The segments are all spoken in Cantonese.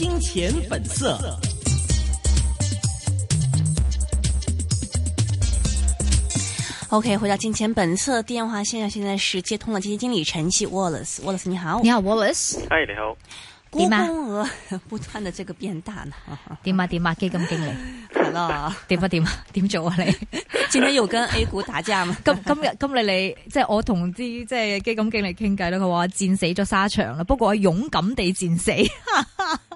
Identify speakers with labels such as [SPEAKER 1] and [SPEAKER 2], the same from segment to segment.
[SPEAKER 1] 金錢本色。OK，回到金錢本色的電話線上，現在是接通了基金經理陳昕 Wallace，Wallace 你好，你好 Wallace，嗨你好。點啊？Hi, 你好不斷的這個變大呢啊？點啊點啊，基金經理，係咯？
[SPEAKER 2] 點啊點啊？點、啊、做啊你？
[SPEAKER 1] 今天又跟 A 股打架嘛。 今今日今日你，你即
[SPEAKER 2] 係我同啲即係基金經理傾偈咧，佢話戰死咗沙場啦，不過我勇敢地戰死。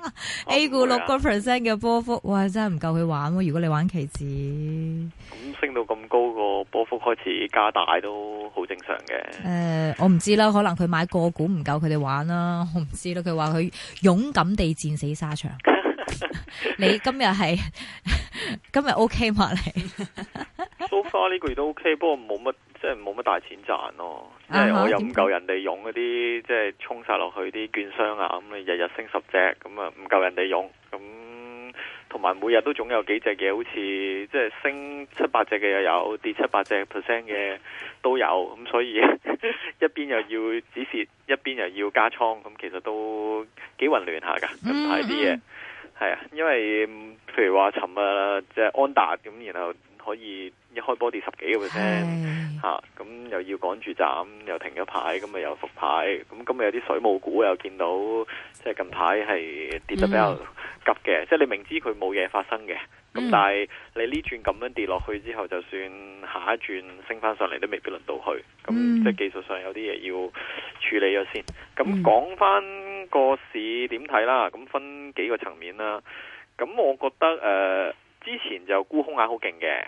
[SPEAKER 2] 啊、A 股六個 percent 嘅波幅，啊、哇，真係唔夠佢玩喎、啊！如果你玩期指，
[SPEAKER 3] 咁升到咁高個波幅開始加大都好正常嘅。誒、
[SPEAKER 2] 呃，我唔知啦，可能佢買個股唔夠佢哋玩啦、啊，我唔知啦。佢話佢勇敢地戰死沙場， 你今日係今日 OK 嘛？你
[SPEAKER 3] so far 呢個月都 OK，不過冇乜。即係冇乜大錢賺咯，即係我又唔夠人哋用嗰啲，即係衝晒落去啲券商啊，咁你日日升十隻，咁啊唔夠人哋用，咁同埋每日都總有幾隻嘅，好似即係升七八隻嘅又有，跌七八隻 percent 嘅都有，咁、嗯、所以 一邊又要止蝕，一邊又要加倉，咁、嗯、其實都幾混亂下噶，
[SPEAKER 4] 近排啲嘢
[SPEAKER 3] 係啊，因為譬如話尋日即係安達咁、嗯，然後。可以一開波跌十幾個 percent 吓，咁又要趕住斬，又停咗牌，咁咪又復牌。咁今日有啲水務股又見到，即係近排係跌得比較急嘅，嗯、即係你明知佢冇嘢發生嘅，咁、嗯、但係你呢轉咁樣跌落去之後，就算下一轉升翻上嚟，都未必輪到去。
[SPEAKER 4] 咁、嗯、即係技
[SPEAKER 3] 術上有啲嘢要處理咗先。咁講翻個市點睇啦？咁分幾個層面啦，咁我覺得誒。呃之前就沽空眼好勁嘅，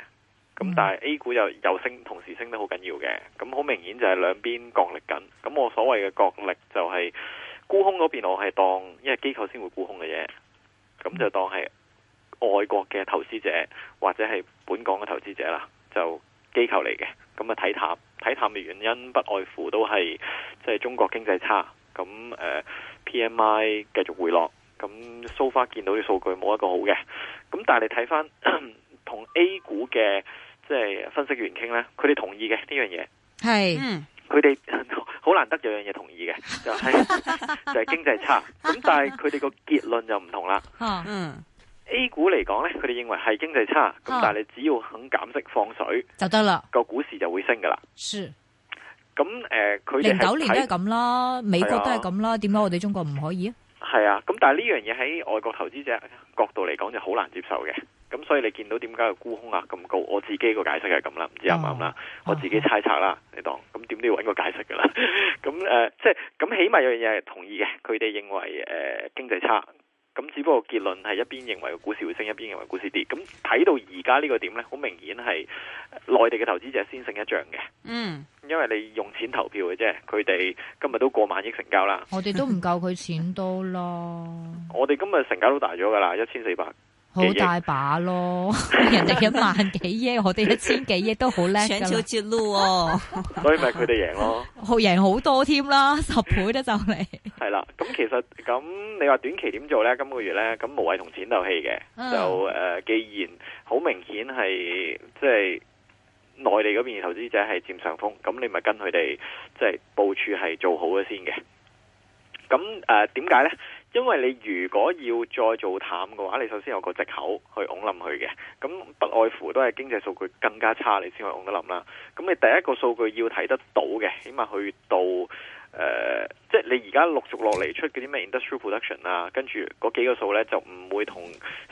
[SPEAKER 3] 咁但係 A 股又又升，同時升得好緊要嘅，咁好明顯就係兩邊角力緊。咁我所謂嘅角力就係沽空嗰邊，我係當因為機構先會沽空嘅嘢，咁就當係外國嘅投資者或者係本港嘅投資者啦，就機構嚟嘅。咁啊睇淡，睇淡嘅原因不外乎都係即係中國經濟差，咁誒、uh, PMI 繼續回落，咁 so far 見到啲數據冇一個好嘅。咁但係你睇翻同 A 股嘅，即係分析員傾咧，佢哋同意嘅呢樣嘢
[SPEAKER 4] 係，嗯，佢哋
[SPEAKER 3] 好難得有樣嘢同意嘅，就係就係經濟差。咁哈但係佢哋個結論就唔同啦。嗯，A 股嚟講咧，佢哋認為係經濟差。咁但係你只要肯減息放水就得啦，個股市就會升噶啦。是。咁誒，佢、呃、哋，零九年都係咁
[SPEAKER 2] 啦，美國都係咁啦，點解、啊、我哋中國唔可以啊？
[SPEAKER 3] 係啊，咁但係呢樣嘢喺外國投資者角度嚟講就好難接受嘅，咁所以你見到點解個沽空額咁高？我自己個解釋係咁啦，唔知啱唔啱啦，嗯、我自己猜測啦，嗯、你當咁點都要搵個解釋噶啦，咁 誒、呃，即係咁起碼有樣嘢係同意嘅，佢哋認為誒、呃、經濟差。咁只不過結論係一邊認為股市會升，一邊認為股市跌。咁睇到而家呢個點呢，好明顯係內地嘅投資者先勝一仗嘅。嗯，因為你用錢投票嘅啫，佢哋今日都過萬億成交啦。我
[SPEAKER 2] 哋都唔夠佢錢多咯。
[SPEAKER 3] 我哋今日成交都大咗噶啦，一千四百。好大
[SPEAKER 2] 把咯，人哋一萬幾億， 我哋一千幾億都好叻，搶超絕
[SPEAKER 1] 路哦！
[SPEAKER 3] 所以咪佢哋贏咯，
[SPEAKER 2] 好贏好多添啦，十倍都就嚟。
[SPEAKER 3] 係啦，咁其實咁你話短期點做咧？今個月咧，咁無謂同錢鬥氣嘅，嗯、就誒、呃，既然好明顯係即係內地嗰邊投資者係佔上風，咁你咪跟佢哋即係部署係做好咗先嘅。咁誒點解呢？因為你如果要再做淡嘅話，你首先有個藉口去拱冧佢嘅。咁不外乎都係經濟數據更加差，你先去拱得冧啦。咁你第一個數據要睇得到嘅，起碼去到。誒、呃，即係你而家陸續落嚟出嗰啲咩 industrial production 啊，跟住嗰幾個數咧就唔會同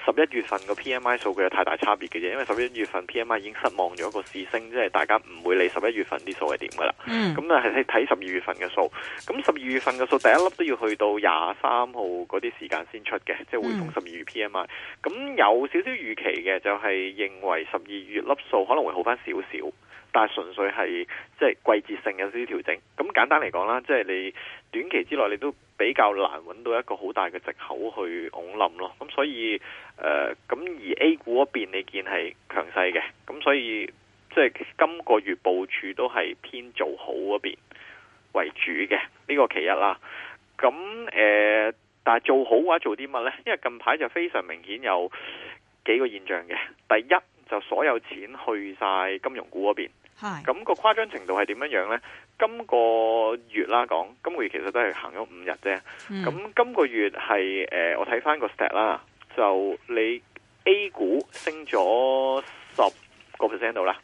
[SPEAKER 3] 十一月份個 P M I 數據有太大差別嘅啫，因為十一月份 P M I 已經失望咗個市升，即係大家唔會理十一月份啲數係點噶啦。咁啊係睇十二月份嘅數，咁十二月份嘅數第一粒都要去到廿三號嗰啲時間先出嘅，即係匯豐十二月 P M I、嗯。咁有少少預期嘅，就係、是、認為十二月粒數可能會好翻少少。但係純粹係即係季節性有少少調整，咁簡單嚟講啦，即係你短期之內你都比較難揾到一個好大嘅藉口去拱冧咯。咁所以誒，咁而 A 股嗰邊你見係強勢嘅，咁所以即係今個月部署都係偏做好嗰邊為主嘅，呢個其一啦。咁誒，但係做好嘅話做啲乜呢？因為近排就非常明顯有幾個現象嘅，第一就所有錢去晒金融股嗰邊。咁個誇張程度係點樣樣咧？今個月啦，講今個月其實都係行咗五日啫。咁、嗯、今個月係誒、呃，我睇翻個 stat 啦，就你 A 股升咗十個 percent 度啦，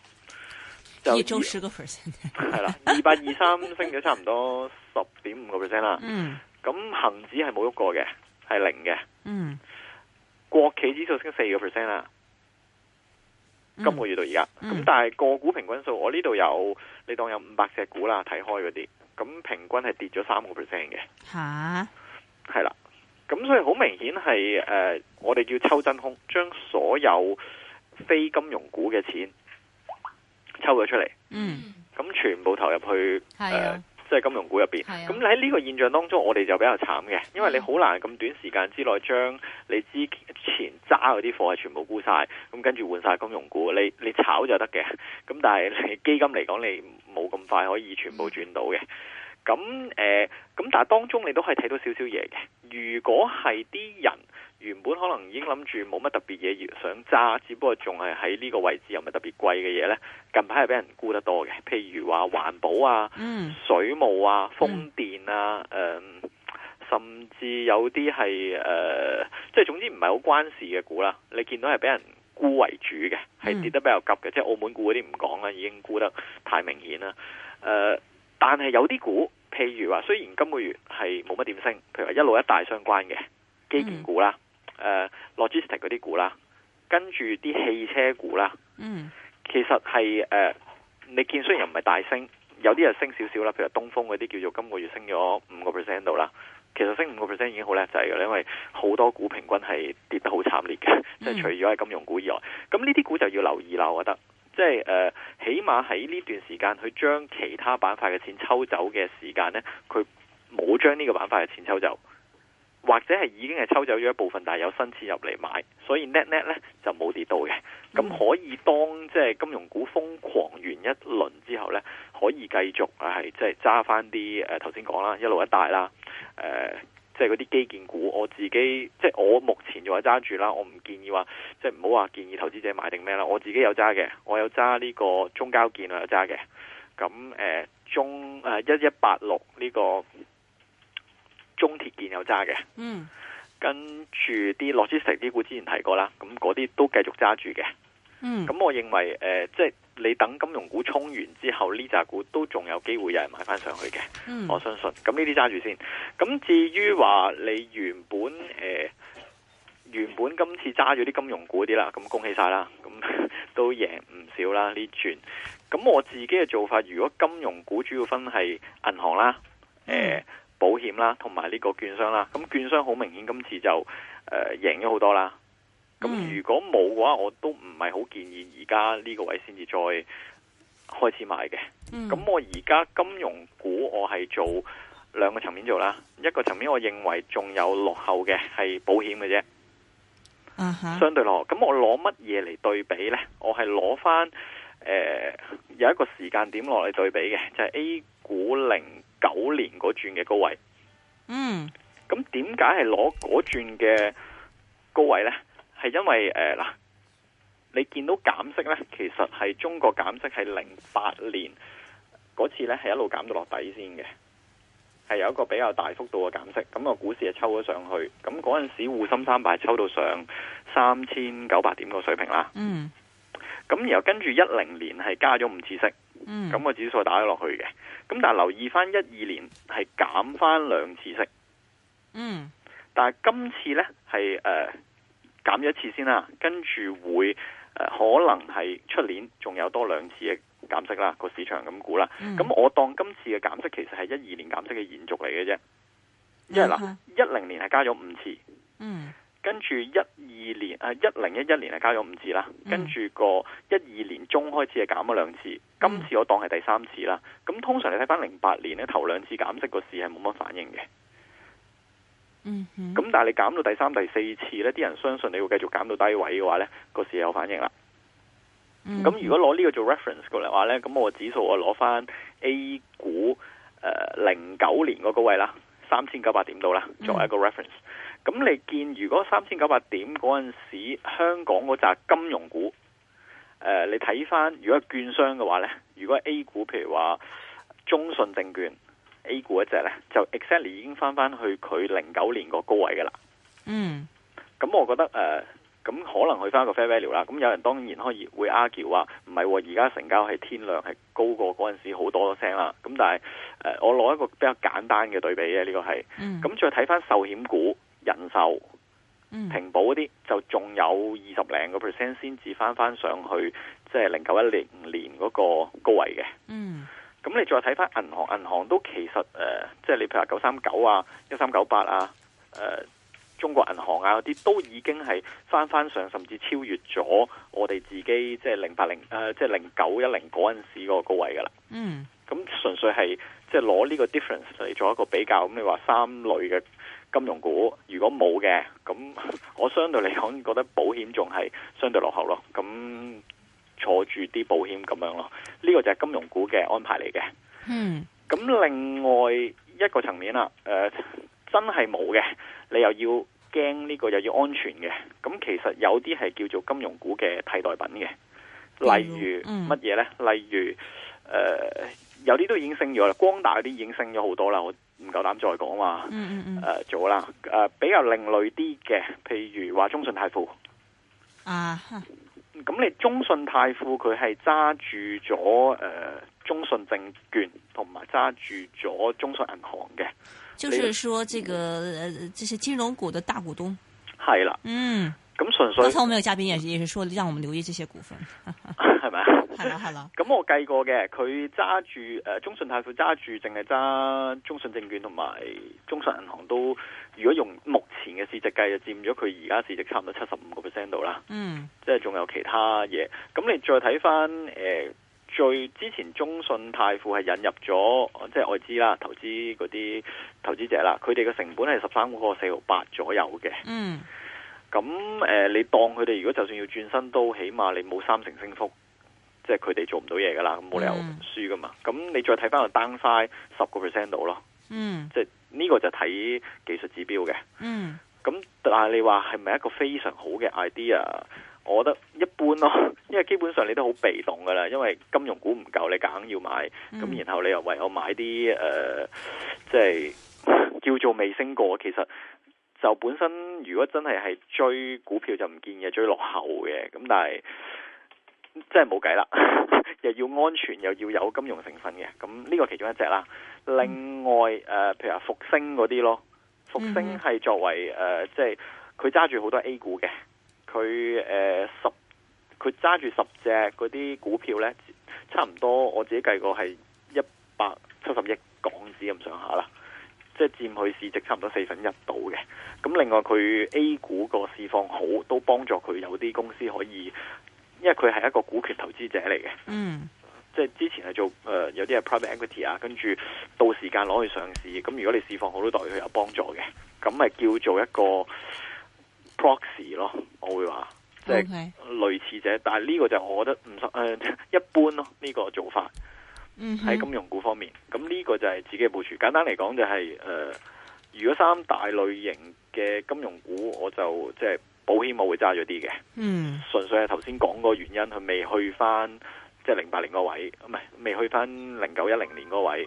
[SPEAKER 1] 就周十個 percent 係啦，
[SPEAKER 3] 二八二三升咗差唔多十點五個 percent 啦。嗯，咁恒指係冇喐過嘅，係零嘅。嗯，國企指數升四個 percent 啦。今個月到而家，咁、嗯嗯、但係個股平均數，我呢度有，你當有五百隻股啦，睇開嗰啲，咁平均係跌咗三個 percent 嘅，吓係啦，咁哈所以好明顯係誒、呃，我哋要抽真空，將所有非金融股嘅錢抽咗出嚟，嗯，咁、嗯、全部投入去，係的即係金融股入邊，咁喺呢個現象當中，我哋就比較慘嘅，因為你好難咁短時間之內將你之前揸嗰啲貨係全部沽晒，咁跟住換晒金融股，你你炒就得嘅，咁但係你基金嚟講，你冇咁快可以全部轉到嘅，咁誒咁但係當中你都係睇到少少嘢嘅，如果係啲人。原本可能已經諗住冇乜特別嘢要想揸，只不過仲係喺呢個位置又唔係特別貴嘅嘢呢，近排係俾人沽得多嘅，譬如話環保啊、嗯、水務啊、風電啊，呃、甚至有啲係即係總之唔係好關事嘅股啦。你見到係俾人沽為主嘅，係、嗯、跌得比較急嘅，即係澳門股嗰啲唔講啦，已經沽得太明顯啦、呃。但係有啲股，譬如話雖然今個月係冇乜點升，譬如話一路一帶相關嘅基建股啦。嗯誒、uh, logistic 嗰啲股啦，跟住啲汽車股啦
[SPEAKER 4] ，mm hmm.
[SPEAKER 3] 其實係誒、uh, 你見雖然又唔係大升，有啲係升少少啦。譬如東風嗰啲叫做今個月升咗五個 percent 度啦，其實升五個 percent 已經好叻仔嘅，因為好多股平均係跌得好慘烈嘅，即係、mm hmm. 除咗係金融股以外，咁呢啲股就要留意啦。我覺得即係誒，就是 uh, 起碼喺呢段時間佢將其他板塊嘅錢抽走嘅時間咧，佢冇將呢個板塊嘅錢抽走。或者係已經係抽走咗一部分，但係有新錢入嚟買，所以 net net 咧就冇跌到嘅。咁可以當即、就是、金融股瘋狂完一輪之後咧，可以繼續係即係揸翻啲誒頭先講啦，一路一帶啦，誒即係嗰啲基建股。我自己即係、就是、我目前仲係揸住啦，我唔建議話即係唔好話建議投資者買定咩啦。我自己有揸嘅，我有揸呢個中交建有有、呃、啊，揸嘅。咁中誒一一八六呢個。中鐵建有揸嘅，嗯，跟住啲諾之石啲股之前提過啦，咁嗰啲都繼續揸住嘅，
[SPEAKER 4] 嗯，咁我
[SPEAKER 3] 認為誒，即、呃、係、就是、你等金融股衝完之後，呢隻股都仲有機會有人買翻上去嘅，嗯、我相信，咁呢啲揸住先，咁至於話你原本誒、呃、原本今次揸住啲金融股啲啦，咁恭喜晒啦，咁都贏唔少啦呢轉，咁我自己嘅做法，如果金融股主要分係銀行啦，誒、嗯。呃保險啦，同埋呢個券商啦，咁券商好明顯今次就誒、呃、贏咗好多啦。咁如果冇嘅話，我都唔係好建議而家呢個位先至再開始買嘅。咁我而家金融股我係做兩個層面做啦，一個層面我認為仲有落後嘅係保險嘅啫。
[SPEAKER 4] Uh huh.
[SPEAKER 3] 相對落後。咁我攞乜嘢嚟對比呢？我係攞翻有一個時間點落嚟對比嘅，就係、是、A 股零九年嗰轉嘅高位，嗯，咁點解係攞嗰轉嘅高位呢？係因為誒嗱、呃，你見到減息呢，其實係中國減息係零八年嗰次呢，係一路減到落底先嘅，係有一個比較大幅度嘅減息，咁、那個股市就抽咗上去，咁嗰陣時滬深三百抽到上三千九百點個水平啦，嗯，咁然後跟住一零年係加咗五次息。咁個、嗯、指數打咗落去嘅，咁但係留意翻一二年係減翻兩次息，嗯，但係今次呢係誒減咗一次先啦，跟住會、呃、可能係出年仲有多兩次嘅減息啦，個市場咁估啦，咁、嗯、我當今次嘅減息其實係一二年減息嘅延續嚟嘅啫，
[SPEAKER 4] 因為嗱一
[SPEAKER 3] 零年係加咗五次，嗯。跟住一二年啊，一零一一年係加咗五次啦，嗯、跟住個一二年中開始係減咗兩次，今次我當係第三次啦。咁、嗯、通常你睇翻零八年咧，頭兩次減息個市係冇乜反應嘅。
[SPEAKER 4] 咁、嗯
[SPEAKER 3] 嗯、但係你減到第三、第四次呢，啲人相信你會繼續減到低位嘅話呢個市有反應啦。咁、嗯、如果攞呢個做 reference 嘅話呢，咁我指數我攞翻 A 股誒零九年嗰個位啦，三千九百點度啦，作為一個 reference。嗯咁你見如果三千九百點嗰陣時，香港嗰紮金融股，誒、呃，你睇翻，如果券商嘅話咧，如果 A 股譬如話中信證券 A 股一隻咧，就 exactly 已經翻翻去佢零九年個高位噶啦。嗯。咁我覺得誒、咁、呃、可能去翻個 fair value 啦。咁有人當然可以會 argue 話唔係，而家，啊、成交係天量，係高過嗰陣時好多聲啦。咁但係誒、呃，我攞一個比較簡單嘅對比呢，這個係。咁再睇翻壽險股。人壽、
[SPEAKER 4] 平
[SPEAKER 3] 保嗰啲就仲有二十零個 percent 先至翻翻上去，即係零九一零年嗰個高位嘅。嗯，咁你再睇翻銀行，銀行都其實誒、即、呃、係、就是、你譬如話九三九啊、一三九八啊、誒、呃、中國銀行啊嗰啲，都已經係翻翻上，甚至超越咗我哋自己即係零八零誒，即係零九一零嗰陣時嗰個高位噶啦。嗯，咁純粹係即係攞呢個 difference 嚟做一個比較，咁你話三類嘅金融股如果冇嘅，咁我相對嚟講覺得保險仲係相對落後咯。咁坐住啲保險咁樣咯，呢、這個就係金融股嘅安排嚟嘅。嗯，咁另外一個層面啦，誒、呃，真係冇嘅，你又要驚呢、這個又要安全嘅，咁其實有啲係叫做金融股嘅替代品嘅，例如乜嘢咧？嗯、例如誒、呃，有啲都已經升咗啦，光大嗰啲已經升咗好多啦。唔夠膽再講嘛？誒、嗯嗯呃，做啦誒、呃，比較另類啲嘅，譬如話中信泰富
[SPEAKER 4] 啊哈。
[SPEAKER 3] 咁你中信泰富佢係揸住咗誒、呃、中信證券同埋揸住咗中信銀行嘅。就是說，這
[SPEAKER 1] 個你、嗯、這些金融股的大股東
[SPEAKER 3] 係啦。嗯。咁純粹，剛才我們有嘉
[SPEAKER 1] 賓也也是說，讓我們留意這些股
[SPEAKER 3] 份，係咪啊？係啦， 係啦。咁我計過嘅，佢揸住誒中信泰富揸住，淨係揸中信證券同埋中信銀行都，如果用目前嘅市值計，就佔咗佢而家市值差唔多七十五個 percent 度啦。嗯，即係仲有其他嘢。咁你再睇翻睇返誒，最之前中信泰富係引入咗即係外資啦，投資嗰啲投資者啦，佢哋嘅成本係十三個四毫八左右嘅。嗯。咁誒、呃，你當佢哋如果就算要轉身，都起碼你冇三成升幅，即係佢哋做唔到嘢噶啦，咁冇理由輸噶嘛。咁、mm. 你再睇翻個 downside 十個 percent 到咯，嗯，mm. 即係呢、這個就睇技術指標嘅，嗯、mm.。咁但係你話係咪一個非常好嘅 idea？我覺得一般咯，因為基本上你都好被動噶啦，因為金融股唔夠你梗要買，咁、mm. 然後你又唯有買啲誒、呃，即係叫做未升過，其實。就本身如果真係係追股票就唔建議追落後嘅，咁但係即係冇計啦，又要安全又要有金融成分嘅，咁呢個其中一隻啦。另外誒、呃，譬如話復星嗰啲咯，
[SPEAKER 1] 復星
[SPEAKER 3] 係作為誒即係佢揸住好多 A 股嘅，佢誒十佢揸住十隻嗰啲股票咧，差唔多我自己計過是，係一百七十億港紙咁上下啦。即係佔佢市值差唔多四分一度嘅，咁另外佢 A 股個市況好都幫助佢有啲公司可以，因為佢係一個股權投資者嚟嘅，嗯，即係之前係做誒、呃、有啲係 private equity 啊，跟住到時間攞去上市，咁如果你市況好都對佢有幫助嘅，咁咪叫做一個 proxy 咯，我會話即係類似者，Okay. 但係呢個就是我覺得唔誒、呃，一般咯呢、呢個做法。
[SPEAKER 4] 喺、mm hmm. 金融
[SPEAKER 3] 股方面，咁呢個就係自己嘅部署。簡單嚟講、就係，就係誒，如果三大類型嘅金融股，我就即係、就係、保險，我會揸咗啲嘅。嗯、
[SPEAKER 4] mm，hmm. 純
[SPEAKER 3] 粹係頭先講個原因，佢未去翻即係零八年個位，唔係未去翻零九一零年嗰位。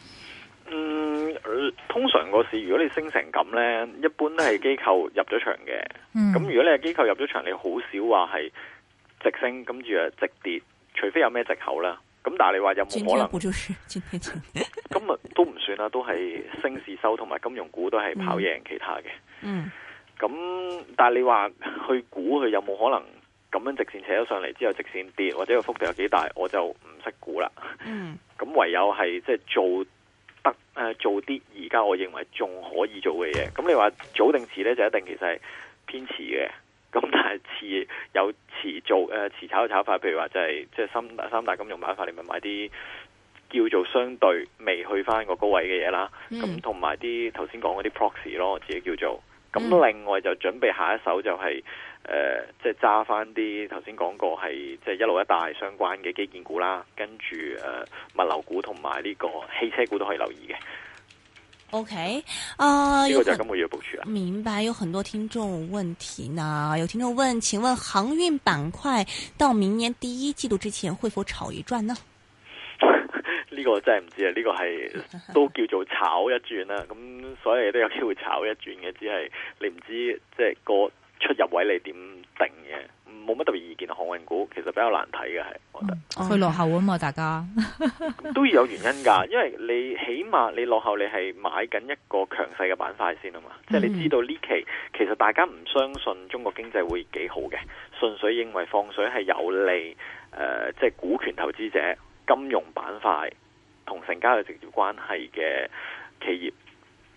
[SPEAKER 3] 通常個市如果你升成咁呢，一般都係機構入咗場嘅。咁、嗯、如果你係機構入咗場，你好少話係直升，跟住啊直跌，除非有咩借口啦。咁但係你話有冇可能？今日 都唔算啦，都係升市收，同埋金融股都係跑贏其他嘅。咁、嗯、但係你話去估佢有冇可能咁樣直線扯咗上嚟之後直線跌，或者個幅度有幾大，我就唔識估啦。嗯。咁唯有係即係做。誒做啲而家我認為仲可以做嘅嘢，咁你話早定遲呢？就一定其實係偏遲嘅，咁但係遲有遲做誒、呃，遲炒，炒炒法，譬如話就係即係三大金融板塊，你咪買啲叫做相對未去翻個高位嘅嘢啦，咁同埋啲頭先講嗰啲 proxy 咯，我自己叫做，咁另外就準備下一手就係、是。誒，即係揸翻啲頭先講過係即係一路一帶相關嘅基建股啦，跟住誒、呃、物流股同埋呢個汽車股都可以留意嘅。
[SPEAKER 1] OK，啊、呃，呢個就係今日嘅部署啊。明白，有很多聽眾問題呢，有聽眾問，請問航運板塊到明年第一季度之前會否炒一轉呢？
[SPEAKER 3] 呢 個真係唔知啊，呢、這個係都叫做炒一轉啦、啊。咁所有嘢都有機會炒一轉嘅，只係你唔知即係、就是、個。出入位你點定嘅？冇乜特別意見。航運股其實比較難睇嘅，係我覺
[SPEAKER 2] 得。去、嗯、落後啊嘛，大家
[SPEAKER 3] 都要有原因噶，因為你起碼你落後，你係買緊一個強勢嘅板塊先啊嘛，即、就、係、是、你知道呢期其實大家唔相信中國經濟會幾好嘅，純粹認為放水係有利誒，即、呃、係、就是、股權投資者、金融板塊同成交有直接關係嘅企業。.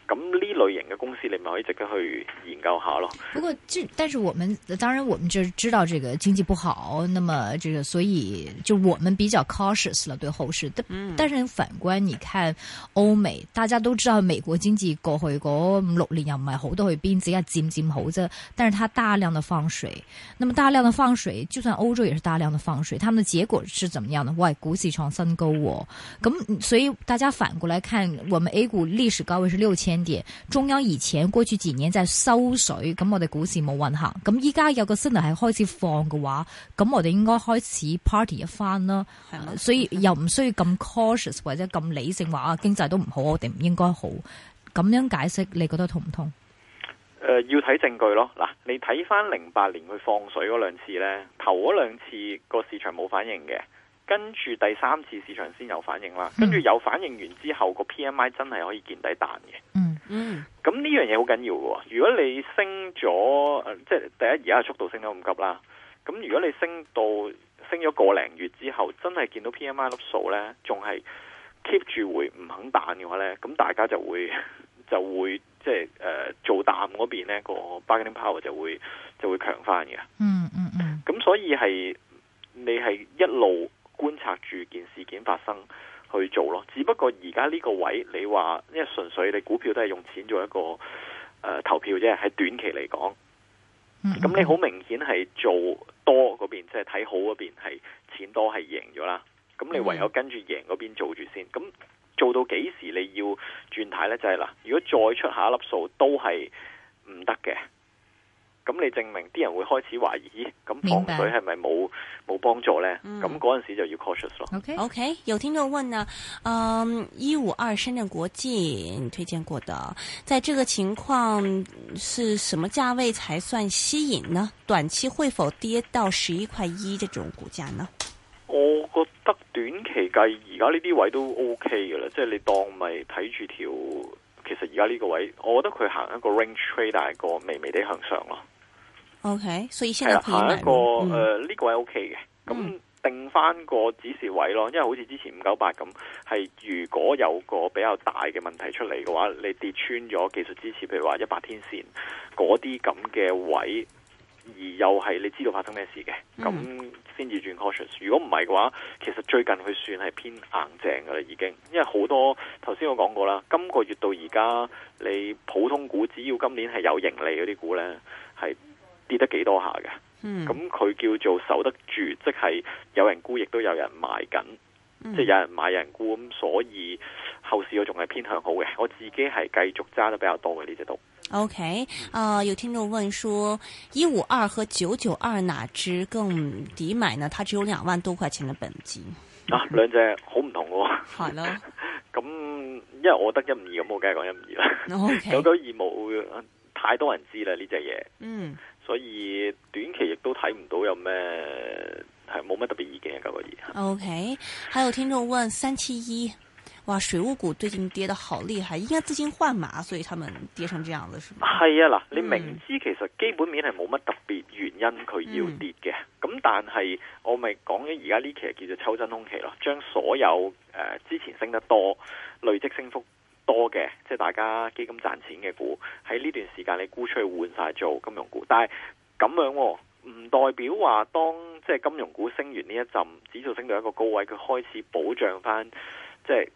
[SPEAKER 3] 咁呢類型嘅公司你咪可以值得去研究下咯。
[SPEAKER 2] 不過，就但是我們當然我們就知道，這個經濟不好，那麼這個所以就我們比較 cautious 了對後市。嗯、但但係你反觀，你看歐美，大家都知道美國經濟過去六年又唔係好多去邊，只係漸漸好啫，但是它大量的放水，那麼大量的放水，就算歐洲也是大量的放水，他們的結果是怎麼樣的？喂，股市創新高喎、哦！咁所以大家反過來看，我們 A 股歷史高位是六千。中央而且關注前景就係收水，咁我哋股市冇運行，咁依家有個新聞係開始放嘅話，咁我哋應該開始 party 一番啦。嗎所以又唔需要咁 cautious 或者咁理性話啊，經濟都唔好，我哋唔應該好咁樣解釋。你覺得同唔同？
[SPEAKER 3] 誒、呃，要睇證據咯。嗱，你睇翻零八年佢放水嗰兩次咧，頭嗰兩次個市場冇反應嘅。跟住第三次市場先有反應啦，跟住有反應完之後，個 PMI 真係可以見底彈嘅。嗯嗯，咁呢樣嘢好緊要喎。如果你升咗，即係第一而家速度升得咁急啦，咁如果你升到升咗個零月之後，真係見到 PMI 粒數咧，仲係 keep 住會唔肯彈嘅話咧，咁大家就會就會即係、就是呃、做淡嗰邊咧個 bargaining power 就會就會強返嘅。嗯嗯嗯，咁所以係你係一路。觀察住件事件發生去做咯，只不過而家呢個位，你話，因為純粹你股票都係用錢做一個誒、呃、投票啫，喺短期嚟講，咁你好明顯係做多嗰邊，即係睇好嗰邊係錢多係贏咗啦，咁你唯有跟住贏嗰邊做住先，咁做到幾時你要轉態呢？就係、是、嗱，如果再出下一粒數都係唔得嘅。咁你證明啲人會開始懷疑，咁放水係咪冇冇幫助咧？咁嗰陣時就要 cautious 咯。
[SPEAKER 1] OK OK，有聽眾問呢嗯，一五二深圳國際你推薦過的，在這個情況，是什麼價位才算吸引呢？短期會否跌到十一塊一這種股價呢？
[SPEAKER 3] 我覺得短期計而家呢啲位都 OK 噶啦，即係你當咪睇住條，其實而家呢個位，我覺得佢行一個 range trade，但係個微微地向上咯。O、okay, K，所以先係一個誒，呢、嗯呃這個位 O K 嘅。咁定翻個指示位咯，因為好似之前五九八咁，係如果有個比較大嘅問題出嚟嘅話，你跌穿咗技術支持，譬如話一百天線嗰啲咁嘅位，而又係你知道發生咩事嘅，咁先至轉 caution，如果唔係嘅話，其實最近佢算係偏硬淨噶啦，已經。因為好多頭先我講過啦，今個月到而家，你普通股只要今年係有盈利嗰啲股呢，係。記得幾多下嘅，
[SPEAKER 4] 咁佢、嗯、
[SPEAKER 3] 叫做守得住，即係有人沽，亦都有人賣緊，嗯、即係有人買，有人沽，咁所以後市我仲係偏向好嘅。我自己係繼續揸得比較多嘅呢隻股。
[SPEAKER 1] OK，啊、呃，有聽眾問說，一五二和九九二哪支更抵買呢？它只有兩萬多塊錢的本金。
[SPEAKER 3] 啊，嗯、兩隻不、哦、好唔同喎。係咯，咁因為我得一五二，咁我梗係講一五二啦。OK，九九二冇太多人知啦呢隻嘢。嗯。所以短期亦都睇唔到有咩係冇乜特別意見啊，九、那個二。
[SPEAKER 1] O、okay, K，還有聽眾問三七一，哇，水務股最近跌得好厲害，應該資金換馬，所以他們跌成這樣子，是嗎？係
[SPEAKER 3] 啊，嗱，你明知其實基本面係冇乜特別原因佢要跌嘅，咁、嗯、但係我咪講咗而家呢期叫做抽真空期咯，將所有誒、呃、之前升得多累積升幅。多嘅，即係大家基金賺錢嘅股，喺呢段時間你沽出去換晒做金融股，但係咁樣喎，唔代表話當即係金融股升完呢一陣，指數升到一個高位，佢開始保障翻，即係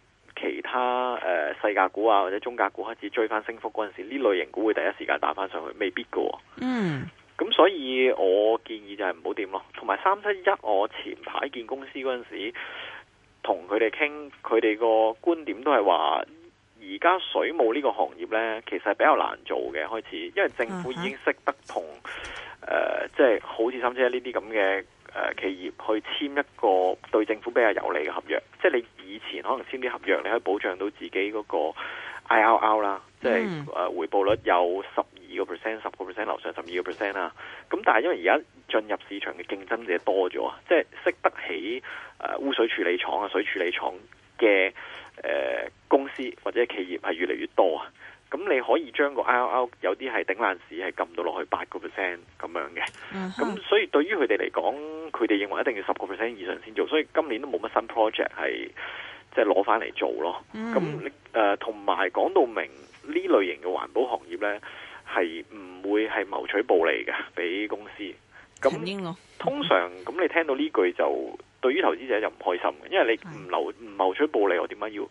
[SPEAKER 3] 其他誒細價股啊或者中價股開始追翻升幅嗰陣時，呢類型股會第一時間打翻上去，未必噶喎。
[SPEAKER 4] 嗯，
[SPEAKER 3] 咁所以我建議就係唔好掂咯，同埋三七一，我前排見公司嗰陣時，同佢哋傾，佢哋個觀點都係話。而家水務呢個行業呢，其實係比較難做嘅開始，因為政府已經識得同誒，即、呃、係、就是、好似三七呢啲咁嘅企業去簽一個對政府比較有利嘅合約。即、就、係、是、你以前可能簽啲合約，你可以保障到自己嗰個 IRR 啦，即係誒回報率有十二個 percent、十個 percent 樓上十二個 percent 啦。咁但係因為而家進入市場嘅競爭者多咗，即係識得起污水處理廠啊、水處理廠嘅。誒、呃，公司或者企業係越嚟越多啊，咁你可以將個 I L L 有啲係頂爛市是按下去8，係撳到落去八個 percent 咁樣嘅。咁、uh huh. 所以對於佢哋嚟講，佢哋認為一定要十個 percent 以上先做，所以今年都冇乜新 project 係即係攞返嚟做咯。咁誒、uh，同埋講到明呢類型嘅環保行業呢，係唔會係謀取暴利嘅，俾公司。咁那通常咁你聽到呢句就對於投資者就唔開心嘅，因為你唔留唔謀取暴利，我點解要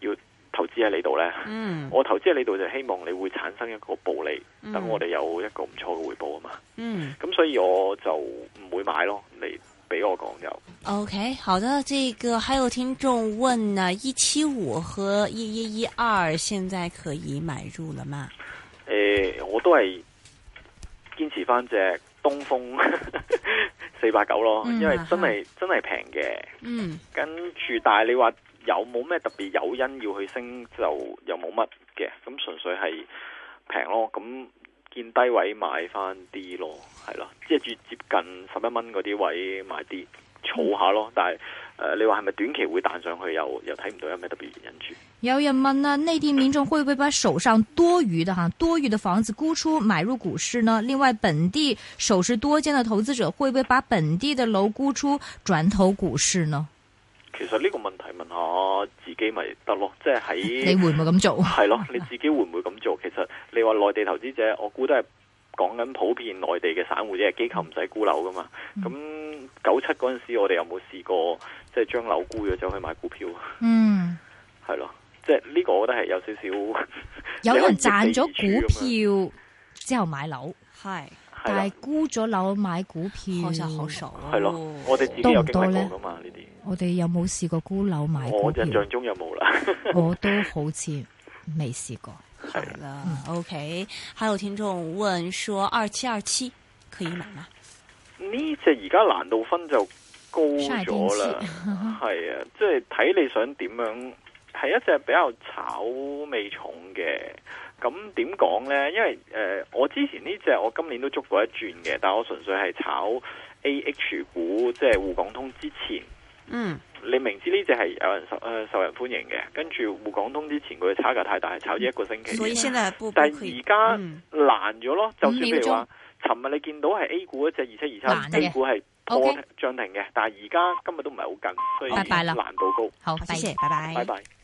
[SPEAKER 3] 要投資喺你度呢？嗯，我投資喺你度就希望你會產生一個暴利，等我哋有一個唔錯嘅回報啊嘛。嗯，咁所以我就唔會買咯，你俾我講就。
[SPEAKER 1] OK，好的，這個還有聽眾問啊，一七五和一一一二現在可以買入了嗎？
[SPEAKER 3] 誒、呃，我都係堅持翻隻。東風 四百九咯，因為真係真係平嘅。嗯，跟住，但係你話有冇咩特別誘因要去升就又冇乜嘅，咁純粹係平咯。咁見低位買翻啲咯，係啦，即係住接近十一蚊嗰啲位買啲，儲下咯。但係。誒、呃，你話係咪短期會彈上去？又又睇唔到有咩特別原因住。
[SPEAKER 2] 有人問啦、啊，內地民眾會唔會把手上多餘的哈， 多餘的房子沽出買入股市呢？另外，本地手持多間的投資者會唔會把本地的樓沽出轉投股市呢？
[SPEAKER 3] 其實呢個問題問下自己咪得咯，即係喺你會唔會咁做？係咯，你自己會唔會咁做？ 其實你話內地投資者，我估都係講緊普遍內地嘅散戶係機構唔使沽樓噶嘛。咁九七嗰陣時，我哋有冇試過？即係將樓沽咗就去
[SPEAKER 4] 買
[SPEAKER 3] 股票，嗯，係咯，即係呢個我覺得係有少少有人賺咗股票
[SPEAKER 2] 之後買樓，係， 但係沽咗樓買股票就的好傻。係咯，我哋自己有經歷過多唔多呢些我哋有冇試過沽樓買股票，我印象中有冇啦？ 我都好似
[SPEAKER 3] 未試過，
[SPEAKER 1] 係啦的、嗯、，OK，還有聽眾問說：二七二七可以買嗎？
[SPEAKER 3] 呢隻而家難度分就。高咗啦，係 啊，即係睇你想點樣，係一隻比較炒味重嘅。咁點講呢？因為誒、呃，我之前呢隻我今年都捉過一轉嘅，但係我純粹係炒 A H 股，即係滬港通之前。嗯。你明知呢隻係有人受誒、呃、受人歡迎嘅，跟住滬港通之前佢差價太大，炒咗一個星期。嗯、但係而家難咗咯，嗯、就算譬如話，尋日你見到係 A 股一隻二七二七，港股係。漲停嘅，但係而家今日都唔係好緊，所以難度高。好，多謝，拜拜，拜拜。Bye.